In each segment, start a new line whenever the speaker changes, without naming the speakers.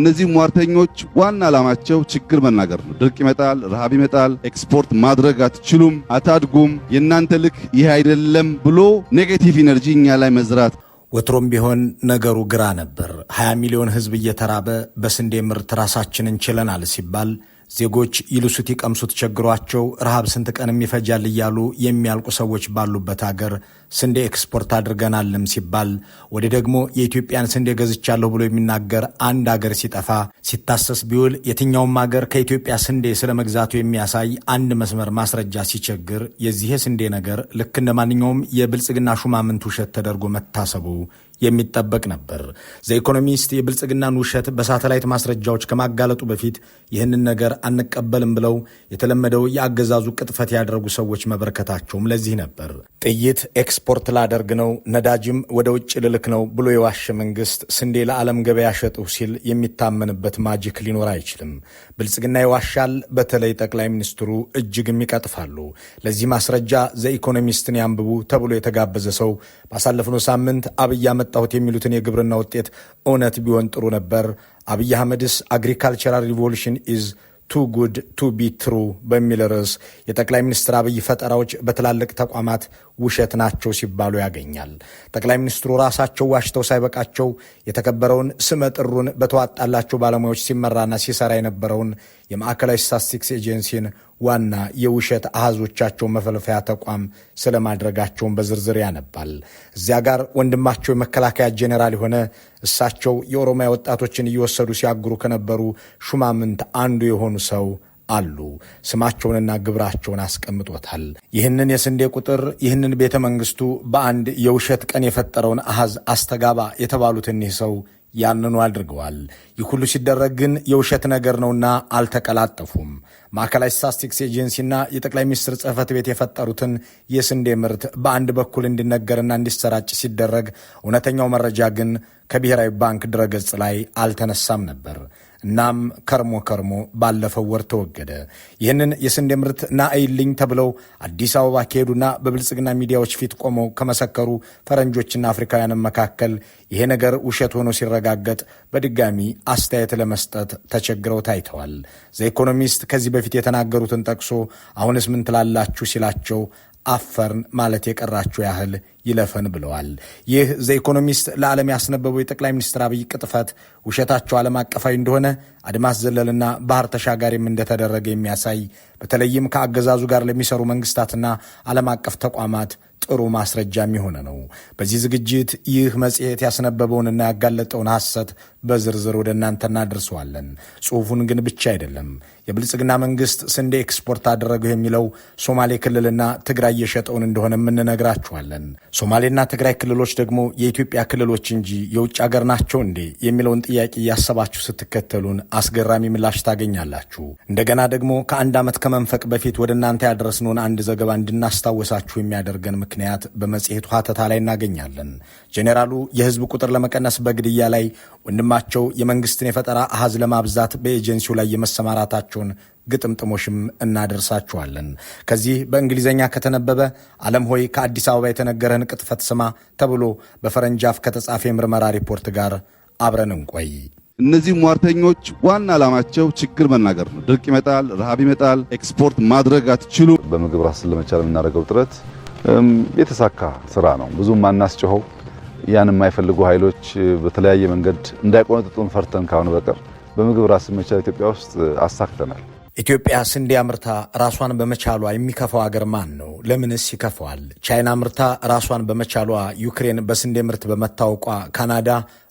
እነዚህ ሟርተኞች ዋና ዓላማቸው ችግር መናገር ነው። ድርቅ ይመጣል፣ ረሃብ ይመጣል፣ ኤክስፖርት ማድረግ አትችሉም፣ አታድጉም፣ የእናንተ ልክ ይህ አይደለም ብሎ ኔጌቲቭ ኢነርጂ እኛ ላይ መዝራት።
ወትሮም ቢሆን ነገሩ ግራ ነበር። 20 ሚሊዮን ህዝብ እየተራበ በስንዴ ምርት ራሳችንን ችለናል ሲባል ዜጎች ይልሱት ይቀምሱት ቸግሯቸው ረሃብ ስንት ቀንም ይፈጃል እያሉ የሚያልቁ ሰዎች ባሉበት አገር ስንዴ ኤክስፖርት አድርገናልም ሲባል ወደ ደግሞ የኢትዮጵያን ስንዴ ገዝቻለሁ ብሎ የሚናገር አንድ አገር ሲጠፋ ሲታሰስ ቢውል የትኛውም አገር ከኢትዮጵያ ስንዴ ስለ መግዛቱ የሚያሳይ አንድ መስመር ማስረጃ ሲቸግር የዚህ ስንዴ ነገር ልክ እንደ ማንኛውም የብልጽግና ሹማምንት ውሸት ተደርጎ መታሰቡ የሚጠበቅ ነበር። ዘኢኮኖሚስት የብልጽግናን ውሸት በሳተላይት ማስረጃዎች ከማጋለጡ በፊት ይህንን ነገር አንቀበልም ብለው የተለመደው የአገዛዙ ቅጥፈት ያደረጉ ሰዎች መበረከታቸውም ለዚህ ነበር። ጥይት ኤክስፖርት ላደርግ ነው፣ ነዳጅም ወደ ውጭ ልልክ ነው ብሎ የዋሸ መንግስት ስንዴ ለዓለም ገበያ ሸጥሁ ሲል የሚታመንበት ማጂክ ሊኖር አይችልም። ብልጽግና ይዋሻል፣ በተለይ ጠቅላይ ሚኒስትሩ እጅግም ይቀጥፋሉ። ለዚህ ማስረጃ ዘኢኮኖሚስትን ያንብቡ ተብሎ የተጋበዘ ሰው ባሳለፍነው ሳምንት አብይ አመት ያመጣሁት የሚሉትን የግብርና ውጤት እውነት ቢሆን ጥሩ ነበር። አብይ አህመድስ አግሪካልቸራል ሪቮሉሽን ኢዝ ቱ ጉድ ቱ ቢ ትሩ በሚል ርዕስ የጠቅላይ ሚኒስትር አብይ ፈጠራዎች በትላልቅ ተቋማት ውሸት ናቸው ሲባሉ ያገኛል። ጠቅላይ ሚኒስትሩ ራሳቸው ዋሽተው ሳይበቃቸው የተከበረውን ስመጥሩን በተዋጣላቸው ባለሙያዎች ሲመራና ሲሰራ የነበረውን የማዕከላዊ ስታስቲክስ ኤጀንሲን ዋና የውሸት አሃዞቻቸው መፈልፈያ ተቋም ስለማድረጋቸውን በዝርዝር ያነባል። እዚያ ጋር ወንድማቸው የመከላከያ ጄኔራል የሆነ እሳቸው የኦሮሚያ ወጣቶችን እየወሰዱ ሲያግሩ ከነበሩ ሹማምንት አንዱ የሆኑ ሰው አሉ። ስማቸውንና ግብራቸውን አስቀምጦታል። ይህንን የስንዴ ቁጥር ይህንን ቤተ መንግስቱ በአንድ የውሸት ቀን የፈጠረውን አሃዝ አስተጋባ የተባሉት እኒህ ሰው ያንኑ አድርገዋል። ይህ ሁሉ ሲደረግ ግን የውሸት ነገር ነውና አልተቀላጠፉም። ማዕከላዊ ስታስቲክስ ኤጀንሲና የጠቅላይ ሚኒስትር ጽህፈት ቤት የፈጠሩትን የስንዴ ምርት በአንድ በኩል እንዲነገርና እንዲሰራጭ ሲደረግ እውነተኛው መረጃ ግን ከብሔራዊ ባንክ ድረገጽ ላይ አልተነሳም ነበር። እናም ከርሞ ከርሞ ባለፈው ወር ተወገደ። ይህንን የስንዴ ምርት ናአይልኝ ተብለው አዲስ አበባ ከሄዱና በብልጽግና ሚዲያዎች ፊት ቆመው ከመሰከሩ ፈረንጆችና አፍሪካውያንም መካከል ይሄ ነገር ውሸት ሆኖ ሲረጋገጥ በድጋሚ አስተያየት ለመስጠት ተቸግረው ታይተዋል። ዘኢኮኖሚስት ከዚህ በፊት የተናገሩትን ጠቅሶ አሁንስ ምን ትላላችሁ ሲላቸው አፈርን ማለት የቀራቸው ያህል ይለፈን ብለዋል። ይህ ዘኢኮኖሚስት ለዓለም ያስነበበው የጠቅላይ ሚኒስትር አብይ ቅጥፈት ውሸታቸው ዓለም አቀፋዊ እንደሆነ አድማስ ዘለልና ባህር ተሻጋሪም እንደተደረገ የሚያሳይ በተለይም ከአገዛዙ ጋር ለሚሰሩ መንግስታትና ዓለም አቀፍ ተቋማት ጥሩ ማስረጃም የሆነ ነው። በዚህ ዝግጅት ይህ መጽሔት ያስነበበውንና ያጋለጠውን ሐሰት በዝርዝር ወደ እናንተ እናደርሰዋለን። ጽሑፉን ግን ብቻ አይደለም የብልጽግና መንግስት ስንዴ ኤክስፖርት አደረገው የሚለው ሶማሌ ክልልና ትግራይ እየሸጠውን እንደሆነም እንነግራችኋለን። ሶማሌና ትግራይ ክልሎች ደግሞ የኢትዮጵያ ክልሎች እንጂ የውጭ አገር ናቸው እንዴ የሚለውን ጥያቄ እያሰባችሁ ስትከተሉን አስገራሚ ምላሽ ታገኛላችሁ። እንደገና ደግሞ ከአንድ ዓመት ከመንፈቅ በፊት ወደ እናንተ ያደረስነውን አንድ ዘገባ እንድናስታውሳችሁ የሚያደርገን ምክንያት በመጽሔቱ ሀተታ ላይ እናገኛለን። ጄኔራሉ የህዝብ ቁጥር ለመቀነስ በግድያ ላይ ወንድም ወንድማቸው የመንግስትን የፈጠራ አሃዝ ለማብዛት በኤጀንሲው ላይ የመሰማራታቸውን ግጥምጥሞሽም እናደርሳችኋለን። ከዚህ በእንግሊዝኛ ከተነበበ ዓለም ሆይ ከአዲስ አበባ የተነገረህን ቅጥፈት ስማ ተብሎ በፈረንጅ አፍ ከተጻፈ የምርመራ ሪፖርት ጋር አብረን እንቆይ።
እነዚህ ሟርተኞች ዋና ዓላማቸው ችግር መናገር ነው። ድርቅ ይመጣል፣ ረሃብ ይመጣል፣ ኤክስፖርት ማድረግ አትችሉ።
በምግብ ራስን ለመቻል የምናደርገው ጥረት የተሳካ ስራ ነው። ብዙም አናስጭኸው ያን የማይፈልጉ ኃይሎች በተለያየ መንገድ እንዳይቆነጥጡን ፈርተን ካሁን በቀር በምግብ ራስን መቻል ኢትዮጵያ ውስጥ አሳክተናል።
ኢትዮጵያ ስንዴ አምርታ ራሷን በመቻሏ የሚከፋው አገር ማን ነው? ለምንስ ይከፋዋል? ቻይና አምርታ ራሷን በመቻሏ፣ ዩክሬን በስንዴ ምርት በመታወቋ፣ ካናዳ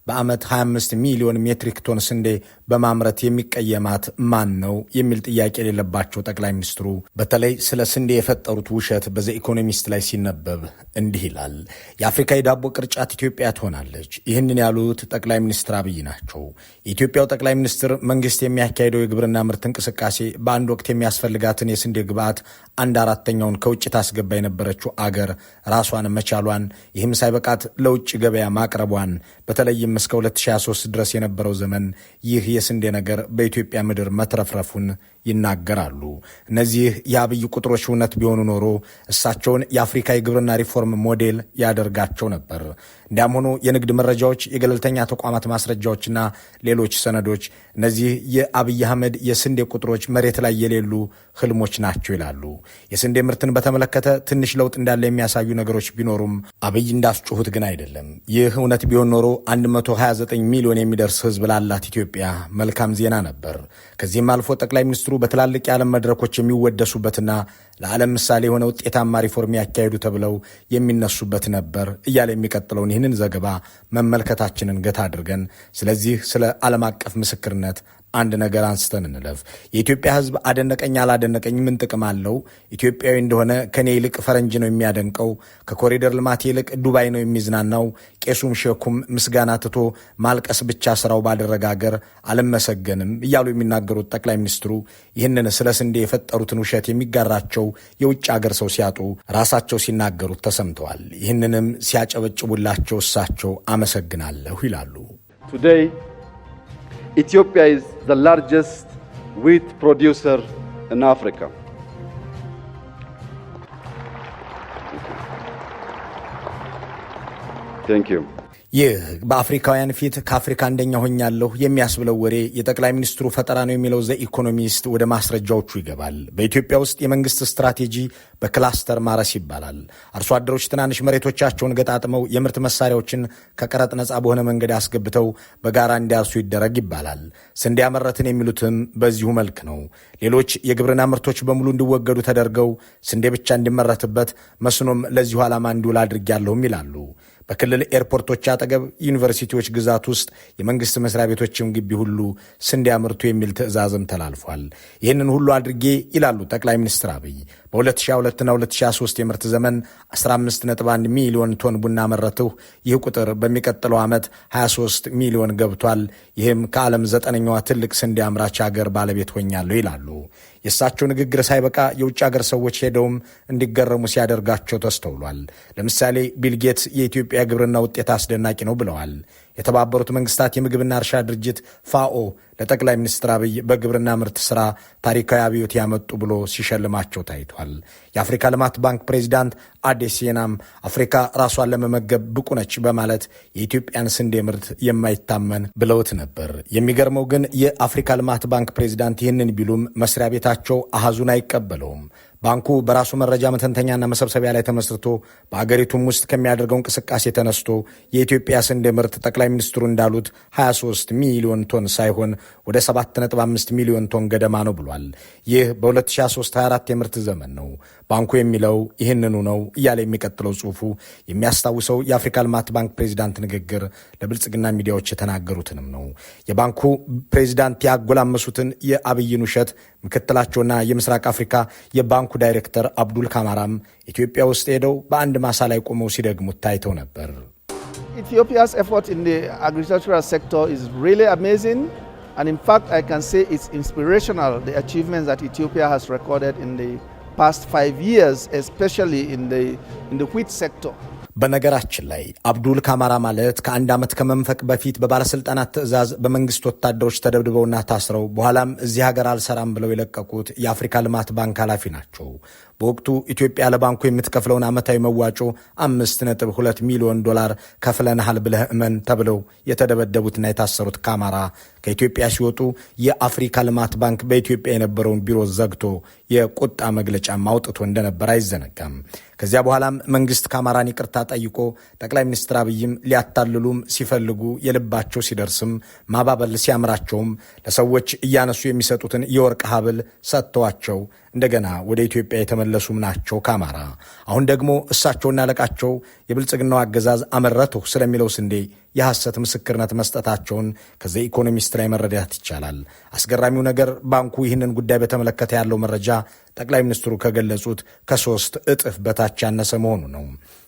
በዓመት 25 ሚሊዮን ሜትሪክ ቶን ስንዴ በማምረት የሚቀየማት ማን ነው የሚል ጥያቄ የሌለባቸው ጠቅላይ ሚኒስትሩ በተለይ ስለ ስንዴ የፈጠሩት ውሸት በዘ ኢኮኖሚስት ላይ ሲነበብ እንዲህ ይላል። የአፍሪካ የዳቦ ቅርጫት ኢትዮጵያ ትሆናለች። ይህንን ያሉት ጠቅላይ ሚኒስትር አብይ ናቸው። የኢትዮጵያው ጠቅላይ ሚኒስትር መንግስት የሚያካሄደው የግብርና ምርት እንቅስቃሴ በአንድ ወቅት የሚያስፈልጋትን የስንዴ ግብዓት አንድ አራተኛውን ከውጭ ታስገባ የነበረችው አገር ራሷን መቻሏን፣ ይህም ሳይበቃት ለውጭ ገበያ ማቅረቧን በተለይም እስከ 2023 ድረስ የነበረው ዘመን ይህ የስንዴ ነገር በኢትዮጵያ ምድር መትረፍረፉን ይናገራሉ። እነዚህ የአብይ ቁጥሮች እውነት ቢሆኑ ኖሮ እሳቸውን የአፍሪካ የግብርና ሪፎርም ሞዴል ያደርጋቸው ነበር። እንዲያም ሆኖ የንግድ መረጃዎች፣ የገለልተኛ ተቋማት ማስረጃዎችና ሌሎች ሰነዶች እነዚህ የአብይ አህመድ የስንዴ ቁጥሮች መሬት ላይ የሌሉ ህልሞች ናቸው ይላሉ። የስንዴ ምርትን በተመለከተ ትንሽ ለውጥ እንዳለ የሚያሳዩ ነገሮች ቢኖሩም አብይ እንዳስጩሁት ግን አይደለም። ይህ እውነት ቢሆን ኖሮ 129 ሚሊዮን የሚደርስ ህዝብ ላላት ኢትዮጵያ መልካም ዜና ነበር። ከዚህም አልፎ ጠቅላይ ሚኒስትሩ ሚኒስትሩ በትላልቅ የዓለም መድረኮች የሚወደሱበትና ለዓለም ምሳሌ የሆነ ውጤታማ ሪፎርም ያካሄዱ ተብለው የሚነሱበት ነበር እያለ የሚቀጥለውን ይህንን ዘገባ መመልከታችንን ገታ አድርገን ስለዚህ ስለ ዓለም አቀፍ ምስክርነት አንድ ነገር አንስተን እንለፍ። የኢትዮጵያ ሕዝብ አደነቀኝ አላደነቀኝ ምን ጥቅም አለው? ኢትዮጵያዊ እንደሆነ ከኔ ይልቅ ፈረንጅ ነው የሚያደንቀው፣ ከኮሪደር ልማት ይልቅ ዱባይ ነው የሚዝናናው፣ ቄሱም ሼኩም ምስጋና ትቶ ማልቀስ ብቻ ስራው ባደረገ አገር አልመሰገንም እያሉ የሚናገሩት ጠቅላይ ሚኒስትሩ ይህንን ስለ ስንዴ የፈጠሩትን ውሸት የሚጋራቸው የውጭ አገር ሰው ሲያጡ ራሳቸው ሲናገሩት ተሰምተዋል። ይህንንም ሲያጨበጭቡላቸው እሳቸው አመሰግናለሁ ይላሉ።
Ethiopia is the largest wheat producer in Africa. Thank you.
ይህ በአፍሪካውያን ፊት ከአፍሪካ አንደኛ ሆኛለሁ የሚያስብለው ወሬ የጠቅላይ ሚኒስትሩ ፈጠራ ነው የሚለው ዘ ኢኮኖሚስት ወደ ማስረጃዎቹ ይገባል። በኢትዮጵያ ውስጥ የመንግስት ስትራቴጂ በክላስተር ማረስ ይባላል። አርሶ አደሮች ትናንሽ መሬቶቻቸውን ገጣጥመው የምርት መሳሪያዎችን ከቀረጥ ነፃ በሆነ መንገድ አስገብተው በጋራ እንዲያርሱ ይደረግ ይባላል። ስንዴ ያመረትን የሚሉትም በዚሁ መልክ ነው። ሌሎች የግብርና ምርቶች በሙሉ እንዲወገዱ ተደርገው ስንዴ ብቻ እንዲመረትበት መስኖም ለዚሁ ዓላማ እንዲውል አድርጊያለሁም ይላሉ። በክልል ኤርፖርቶች አጠገብ ዩኒቨርሲቲዎች ግዛት ውስጥ የመንግስት መስሪያ ቤቶችም ግቢ ሁሉ ስንዴ አምርቱ የሚል ትዕዛዝም ተላልፏል። ይህንን ሁሉ አድርጌ ይላሉ ጠቅላይ ሚኒስትር አብይ በ2002ና 2003 የምርት ዘመን 15.1 ሚሊዮን ቶን ቡና መረትሁ። ይህ ቁጥር በሚቀጥለው ዓመት 23 ሚሊዮን ገብቷል። ይህም ከዓለም ዘጠነኛዋ ትልቅ ስንዴ አምራች ሀገር ባለቤት ሆኛለሁ ይላሉ። የእሳቸው ንግግር ሳይበቃ የውጭ ሀገር ሰዎች ሄደውም እንዲገረሙ ሲያደርጋቸው ተስተውሏል። ለምሳሌ ቢልጌት የኢትዮጵያ ግብርና ውጤት አስደናቂ ነው ብለዋል። የተባበሩት መንግስታት የምግብና እርሻ ድርጅት ፋኦ ለጠቅላይ ሚኒስትር አብይ በግብርና ምርት ስራ ታሪካዊ አብዮት ያመጡ ብሎ ሲሸልማቸው ታይቷል። የአፍሪካ ልማት ባንክ ፕሬዚዳንት አዴሲናም አፍሪካ ራሷን ለመመገብ ብቁ ነች በማለት የኢትዮጵያን ስንዴ ምርት የማይታመን ብለውት ነበር። የሚገርመው ግን የአፍሪካ ልማት ባንክ ፕሬዚዳንት ይህንን ቢሉም መስሪያ ቤታቸው አሃዙን አይቀበለውም። ባንኩ በራሱ መረጃ መተንተኛና መሰብሰቢያ ላይ ተመስርቶ በአገሪቱም ውስጥ ከሚያደርገው እንቅስቃሴ ተነስቶ የኢትዮጵያ ስንዴ ምርት ጠቅላይ ሚኒስትሩ እንዳሉት 23 ሚሊዮን ቶን ሳይሆን ወደ 7.5 ሚሊዮን ቶን ገደማ ነው ብሏል። ይህ በ2023/24 የምርት ዘመን ነው። ባንኩ የሚለው ይህንኑ ነው እያለ የሚቀጥለው ጽሑፉ የሚያስታውሰው የአፍሪካ ልማት ባንክ ፕሬዚዳንት ንግግር ለብልጽግና ሚዲያዎች የተናገሩትንም ነው። የባንኩ ፕሬዚዳንት ያጎላመሱትን የአብይን ውሸት ምክትላቸውና የምስራቅ አፍሪካ የባንኩ የባንኩ ዳይሬክተር አብዱል ካማራም ኢትዮጵያ ውስጥ ሄደው በአንድ ማሳ ላይ ቆመው ሲደግሙት
And in fact, I can say it's inspirational the achievements that Ethiopia has recorded in the past five years, especially in the, in the wheat sector.
በነገራችን ላይ አብዱል ካማራ ማለት ከአንድ ዓመት ከመንፈቅ በፊት በባለሥልጣናት ትዕዛዝ በመንግስት ወታደሮች ተደብድበውና ታስረው በኋላም እዚህ ሀገር አልሰራም ብለው የለቀቁት የአፍሪካ ልማት ባንክ ኃላፊ ናቸው። በወቅቱ ኢትዮጵያ ለባንኩ የምትከፍለውን ዓመታዊ መዋጮ አምስት ነጥብ ሁለት ሚሊዮን ዶላር ከፍለናሃል ብለህ እመን ተብለው የተደበደቡትና የታሰሩት ካማራ ከኢትዮጵያ ሲወጡ የአፍሪካ ልማት ባንክ በኢትዮጵያ የነበረውን ቢሮ ዘግቶ የቁጣ መግለጫም አውጥቶ እንደነበር አይዘነጋም። ከዚያ በኋላም መንግስት ካማራን ይቅርታ ጠይቆ ጠቅላይ ሚኒስትር አብይም ሊያታልሉም ሲፈልጉ የልባቸው ሲደርስም ማባበል ሲያምራቸውም ለሰዎች እያነሱ የሚሰጡትን የወርቅ ሀብል ሰጥተዋቸው እንደገና ወደ ኢትዮጵያ የተመለ የተመለሱም ናቸው ከአማራ። አሁን ደግሞ እሳቸውና አለቃቸው የብልጽግናው አገዛዝ አመረቱ ስለሚለው ስንዴ የሐሰት ምስክርነት መስጠታቸውን ከዘ ኢኮኖሚስት ላይ መረዳት ይቻላል። አስገራሚው ነገር ባንኩ ይህንን ጉዳይ በተመለከተ ያለው መረጃ ጠቅላይ ሚኒስትሩ ከገለጹት ከሶስት እጥፍ በታች ያነሰ መሆኑ ነው።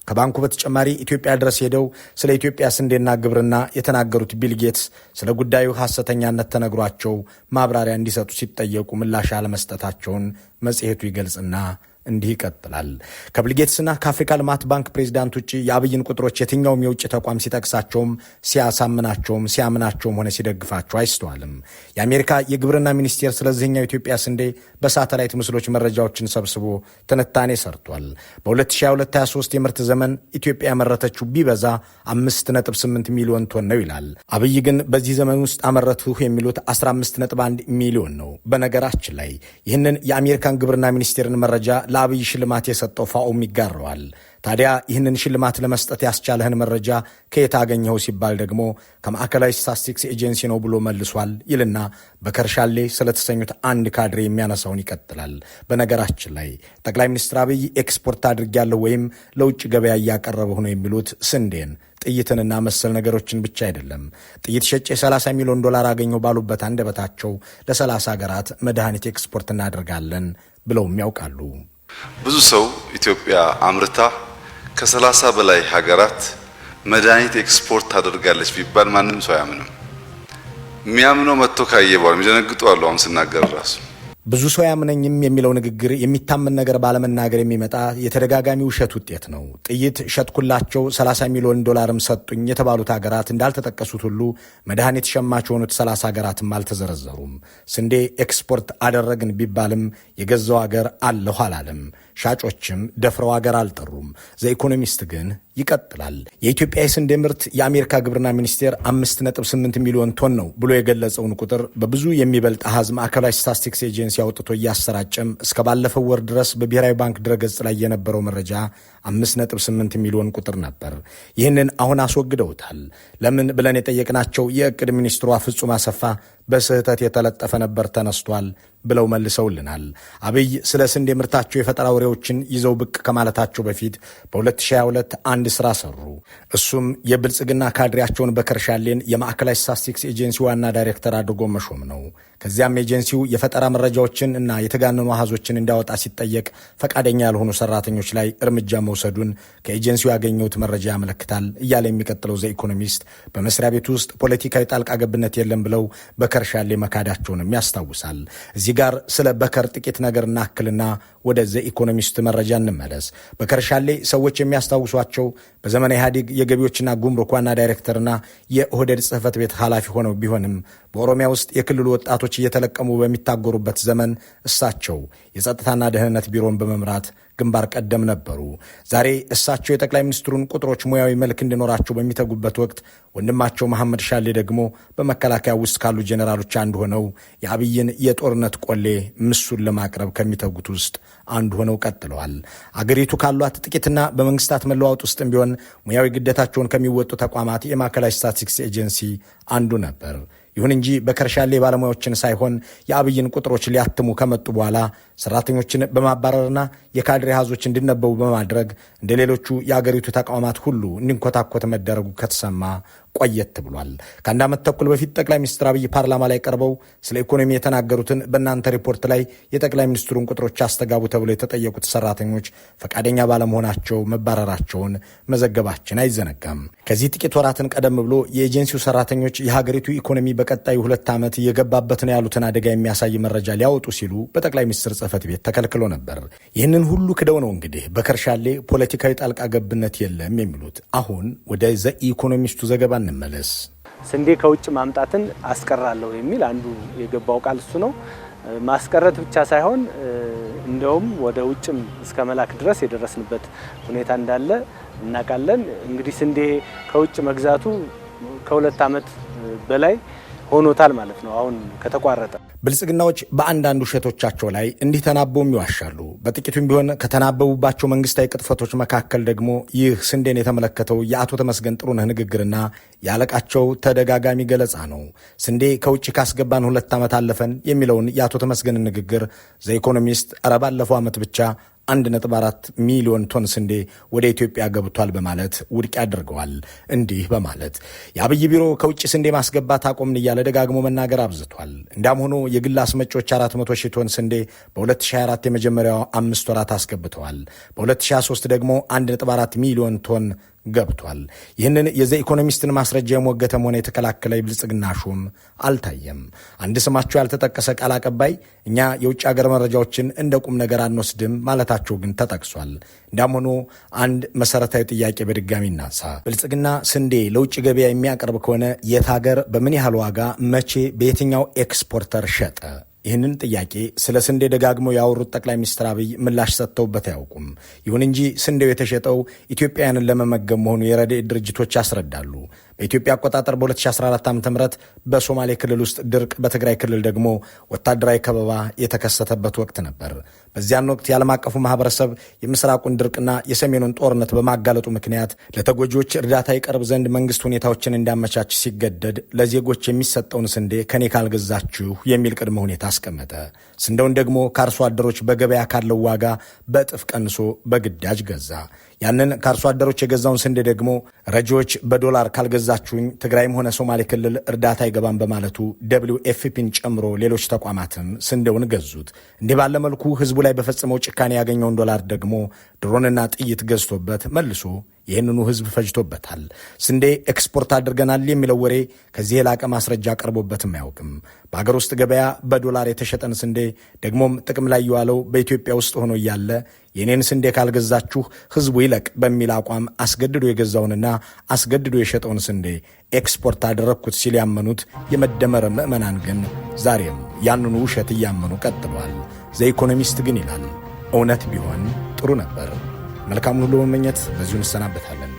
ከባንኩ በተጨማሪ ኢትዮጵያ ድረስ ሄደው ስለ ኢትዮጵያ ስንዴና ግብርና የተናገሩት ቢል ጌትስ ስለ ጉዳዩ ሐሰተኛነት ተነግሯቸው ማብራሪያ እንዲሰጡ ሲጠየቁ ምላሽ አለመስጠታቸውን መጽሔቱ ይገልጽና እንዲህ ይቀጥላል። ከብልጌትስና ከአፍሪካ ልማት ባንክ ፕሬዚዳንት ውጭ የአብይን ቁጥሮች የትኛውም የውጭ ተቋም ሲጠቅሳቸውም ሲያሳምናቸውም ሲያምናቸውም ሆነ ሲደግፋቸው አይስተዋልም። የአሜሪካ የግብርና ሚኒስቴር ስለዚህኛው ኢትዮጵያ ስንዴ በሳተላይት ምስሎች መረጃዎችን ሰብስቦ ትንታኔ ሰርቷል። በ2022/23 የምርት ዘመን ኢትዮጵያ ያመረተችው ቢበዛ 5.8 ሚሊዮን ቶን ነው ይላል። አብይ ግን በዚህ ዘመን ውስጥ አመረትሁ የሚሉት 15.1 ሚሊዮን ነው። በነገራችን ላይ ይህንን የአሜሪካን ግብርና ሚኒስቴርን መረጃ ለአብይ ሽልማት የሰጠው ፋኦም ይጋረዋል። ታዲያ ይህንን ሽልማት ለመስጠት ያስቻለህን መረጃ ከየት አገኘኸው ሲባል ደግሞ ከማዕከላዊ ስታስቲክስ ኤጀንሲ ነው ብሎ መልሷል ይልና በከርሻሌ ስለተሰኙት አንድ ካድሬ የሚያነሳውን ይቀጥላል። በነገራችን ላይ ጠቅላይ ሚኒስትር አብይ ኤክስፖርት አድርጌያለሁ ወይም ለውጭ ገበያ እያቀረበ ነው የሚሉት ስንዴን ጥይትንና መሰል ነገሮችን ብቻ አይደለም። ጥይት ሸጬ 30 ሚሊዮን ዶላር አገኘው ባሉበት አንደበታቸው ለሰላሳ ሀገራት መድኃኒት ኤክስፖርት እናደርጋለን ብለውም ያውቃሉ።
ብዙ ሰው ኢትዮጵያ አምርታ ከሰላሳ በላይ ሀገራት መድኃኒት ኤክስፖርት ታደርጋለች ቢባል ማንም ሰው አያምንም። የሚያምነው መጥቶ ካየ በኋላ የሚደነግጡ አሉ። አሁን ስናገር ራሱ
ብዙ ሰው ያምነኝም የሚለው ንግግር የሚታመን ነገር ባለመናገር የሚመጣ የተደጋጋሚ ውሸት ውጤት ነው። ጥይት ሸጥኩላቸው 30 ሚሊዮን ዶላርም ሰጡኝ የተባሉት ሀገራት እንዳልተጠቀሱት ሁሉ መድኃኒት ሸማች የሆኑት 30 ሀገራትም አልተዘረዘሩም። ስንዴ ኤክስፖርት አደረግን ቢባልም የገዛው ሀገር አለሁ አላለም። ሻጮችም ደፍረው አገር አልጠሩም። ዘኢኮኖሚስት ግን ይቀጥላል። የኢትዮጵያ የስንዴ ምርት የአሜሪካ ግብርና ሚኒስቴር 5.8 ሚሊዮን ቶን ነው ብሎ የገለጸውን ቁጥር በብዙ የሚበልጥ አሃዝ ማዕከላዊ ስታስቲክስ ኤጀንሲ አውጥቶ እያሰራጨም እስከ ባለፈው ወር ድረስ በብሔራዊ ባንክ ድረገጽ ላይ የነበረው መረጃ 5.8 ሚሊዮን ቁጥር ነበር። ይህንን አሁን አስወግደውታል። ለምን ብለን የጠየቅናቸው የእቅድ ሚኒስትሯ ፍጹም አሰፋ በስህተት የተለጠፈ ነበር ተነስቷል ብለው መልሰውልናል። አብይ ስለ ስንዴ ምርታቸው የፈጠራ ወሬዎችን ይዘው ብቅ ከማለታቸው በፊት በ2022 አንድ ስራ ሰሩ። እሱም የብልጽግና ካድሬያቸውን በከርሻሌን የማዕከላዊ ስታስቲክስ ኤጀንሲ ዋና ዳይሬክተር አድርጎ መሾም ነው። ከዚያም ኤጀንሲው የፈጠራ መረጃዎችን እና የተጋነኑ አሃዞችን እንዲያወጣ ሲጠየቅ ፈቃደኛ ያልሆኑ ሰራተኞች ላይ እርምጃ መውሰዱን ከኤጀንሲው ያገኘሁት መረጃ ያመለክታል እያለ የሚቀጥለው ዘኢኮኖሚስት በመስሪያ ቤት ውስጥ ፖለቲካዊ ጣልቃ ገብነት የለም ብለው በከር ሻሌ መካዳቸውንም ያስታውሳል። እዚህ ጋር ስለ በከር ጥቂት ነገር እናክልና ወደ ዘ ኢኮኖሚስት መረጃ እንመለስ። በከር ሻሌ ሰዎች የሚያስታውሷቸው በዘመነ ኢህአዴግ የገቢዎችና ጉምሩክ ዋና ዳይሬክተርና የኦህዴድ ጽህፈት ቤት ኃላፊ ሆነው ቢሆንም በኦሮሚያ ውስጥ የክልሉ ወጣቶች እየተለቀሙ በሚታጎሩበት ዘመን እሳቸው የጸጥታና ደህንነት ቢሮን በመምራት ግንባር ቀደም ነበሩ። ዛሬ እሳቸው የጠቅላይ ሚኒስትሩን ቁጥሮች ሙያዊ መልክ እንዲኖራቸው በሚተጉበት ወቅት ወንድማቸው መሐመድ ሻሌ ደግሞ በመከላከያ ውስጥ ካሉ ጄኔራሎች አንዱ ሆነው የአብይን የጦርነት ቆሌ ምሱን ለማቅረብ ከሚተጉት ውስጥ አንዱ ሆነው ቀጥለዋል። አገሪቱ ካሏት ጥቂትና በመንግስታት መለዋወጥ ውስጥም ቢሆን ሙያዊ ግዴታቸውን ከሚወጡ ተቋማት የማዕከላዊ ስታቲስቲክስ ኤጀንሲ አንዱ ነበር። ይሁን እንጂ በከርሻሌ ባለሙያዎችን ሳይሆን የአብይን ቁጥሮች ሊያትሙ ከመጡ በኋላ ሰራተኞችን በማባረርና የካድሬ ሀዞች እንዲነበቡ በማድረግ እንደ ሌሎቹ የአገሪቱ ተቋማት ሁሉ እንዲንኮታኮት መደረጉ ከተሰማ ቆየት ብሏል። ከአንድ ዓመት ተኩል በፊት ጠቅላይ ሚኒስትር አብይ ፓርላማ ላይ ቀርበው ስለ ኢኮኖሚ የተናገሩትን በእናንተ ሪፖርት ላይ የጠቅላይ ሚኒስትሩን ቁጥሮች አስተጋቡ ተብለው የተጠየቁት ሰራተኞች ፈቃደኛ ባለመሆናቸው መባረራቸውን መዘገባችን አይዘነጋም። ከዚህ ጥቂት ወራትን ቀደም ብሎ የኤጀንሲው ሰራተኞች የሀገሪቱ ኢኮኖሚ በቀጣዩ ሁለት ዓመት የገባበት ነው ያሉትን አደጋ የሚያሳይ መረጃ ሊያወጡ ሲሉ በጠቅላይ ሚኒስትር ጽህፈት ቤት ተከልክሎ ነበር። ይህንን ሁሉ ክደው ነው እንግዲህ በከርሻሌ ፖለቲካዊ ጣልቃ ገብነት የለም የሚሉት። አሁን ወደ ዘኢኮኖሚስቱ ዘገባ እንመለስ።
ስንዴ ከውጭ ማምጣትን አስቀራለሁ የሚል አንዱ የገባው ቃል እሱ ነው። ማስቀረት ብቻ ሳይሆን እንደውም ወደ ውጭም እስከ መላክ ድረስ የደረስንበት ሁኔታ እንዳለ እናውቃለን። እንግዲህ ስንዴ ከውጭ መግዛቱ ከሁለት ዓመት በላይ ሆኖታል ማለት ነው። አሁን ከተቋረጠ
ብልጽግናዎች በአንዳንድ ውሸቶቻቸው ላይ እንዲህ ተናበውም ይዋሻሉ። በጥቂቱም ቢሆን ከተናበቡባቸው መንግስታዊ ቅጥፈቶች መካከል ደግሞ ይህ ስንዴን የተመለከተው የአቶ ተመስገን ጥሩነህ ንግግርና የአለቃቸው ተደጋጋሚ ገለጻ ነው። ስንዴ ከውጭ ካስገባን ሁለት ዓመት አለፈን የሚለውን የአቶ ተመስገን ንግግር ዘኢኮኖሚስት ኧረ ባለፈው ዓመት ብቻ 1.4 ሚሊዮን ቶን ስንዴ ወደ ኢትዮጵያ ገብቷል በማለት ውድቅ ያደርገዋል። እንዲህ በማለት የአብይ ቢሮ ከውጭ ስንዴ ማስገባት አቆምን እያለ ደጋግሞ መናገር አብዝቷል። እንዲያም ሆኖ የግል አስመጮች 400 ሺህ ቶን ስንዴ በ2024 የመጀመሪያው አምስት ወራት አስገብተዋል። በ2023 ደግሞ 1.4 ሚሊዮን ቶን ገብቷል። ይህንን የዘ ኢኮኖሚስትን ማስረጃ የሞገተም ሆነ የተከላከለ የብልጽግና ሹም አልታየም። አንድ ስማቸው ያልተጠቀሰ ቃል አቀባይ እኛ የውጭ ሀገር መረጃዎችን እንደ ቁም ነገር አንወስድም ማለታቸው ግን ተጠቅሷል። እንዳም ሆኖ አንድ መሰረታዊ ጥያቄ በድጋሚ እናንሳ። ብልጽግና ስንዴ ለውጭ ገበያ የሚያቀርብ ከሆነ የት ሀገር፣ በምን ያህል ዋጋ፣ መቼ፣ በየትኛው ኤክስፖርተር ሸጠ? ይህንን ጥያቄ ስለ ስንዴ ደጋግመው ያወሩት ጠቅላይ ሚኒስትር አብይ ምላሽ ሰጥተውበት አያውቁም። ይሁን እንጂ ስንዴው የተሸጠው ኢትዮጵያውያንን ለመመገብ መሆኑ የረድኤት ድርጅቶች ያስረዳሉ። በኢትዮጵያ አቆጣጠር በ2014 ዓ ም በሶማሌ ክልል ውስጥ ድርቅ፣ በትግራይ ክልል ደግሞ ወታደራዊ ከበባ የተከሰተበት ወቅት ነበር። በዚያን ወቅት የዓለም አቀፉ ማህበረሰብ የምስራቁን ድርቅና የሰሜኑን ጦርነት በማጋለጡ ምክንያት ለተጎጂዎች እርዳታ ይቀርብ ዘንድ መንግስት ሁኔታዎችን እንዲያመቻች ሲገደድ ለዜጎች የሚሰጠውን ስንዴ ከኔ ካልገዛችሁ የሚል ቅድመ ሁኔታ አስቀመጠ። ስንዴውን ደግሞ ከአርሶ አደሮች በገበያ ካለው ዋጋ በእጥፍ ቀንሶ በግዳጅ ገዛ። ያንን ከአርሶ አደሮች የገዛውን ስንዴ ደግሞ ረጂዎች በዶላር ካልገዛ ካላገዛችሁኝ ትግራይም ሆነ ሶማሌ ክልል እርዳታ አይገባም በማለቱ ደብሊው ኤፍፒን ጨምሮ ሌሎች ተቋማትም ስንዴውን ገዙት። እንዲህ ባለ መልኩ ህዝቡ ላይ በፈጸመው ጭካኔ ያገኘውን ዶላር ደግሞ ድሮንና ጥይት ገዝቶበት መልሶ ይህንኑ ህዝብ ፈጅቶበታል። ስንዴ ኤክስፖርት አድርገናል የሚለው ወሬ ከዚህ የላቀ ማስረጃ ቀርቦበትም አያውቅም። በአገር ውስጥ ገበያ በዶላር የተሸጠን ስንዴ ደግሞም ጥቅም ላይ የዋለው በኢትዮጵያ ውስጥ ሆኖ እያለ የኔን ስንዴ ካልገዛችሁ ህዝቡ ይለቅ በሚል አቋም አስገድዶ የገዛውንና አስገድዶ የሸጠውን ስንዴ ኤክስፖርት አደረግኩት ሲል ያመኑት የመደመር ምዕመናን ግን ዛሬም ያንኑ ውሸት እያመኑ ቀጥሏል። ዘኢኮኖሚስት ግን ይላል እውነት ቢሆን ጥሩ ነበር። መልካሙን ሁሉ መመኘት በዚሁ እንሰናበታለን።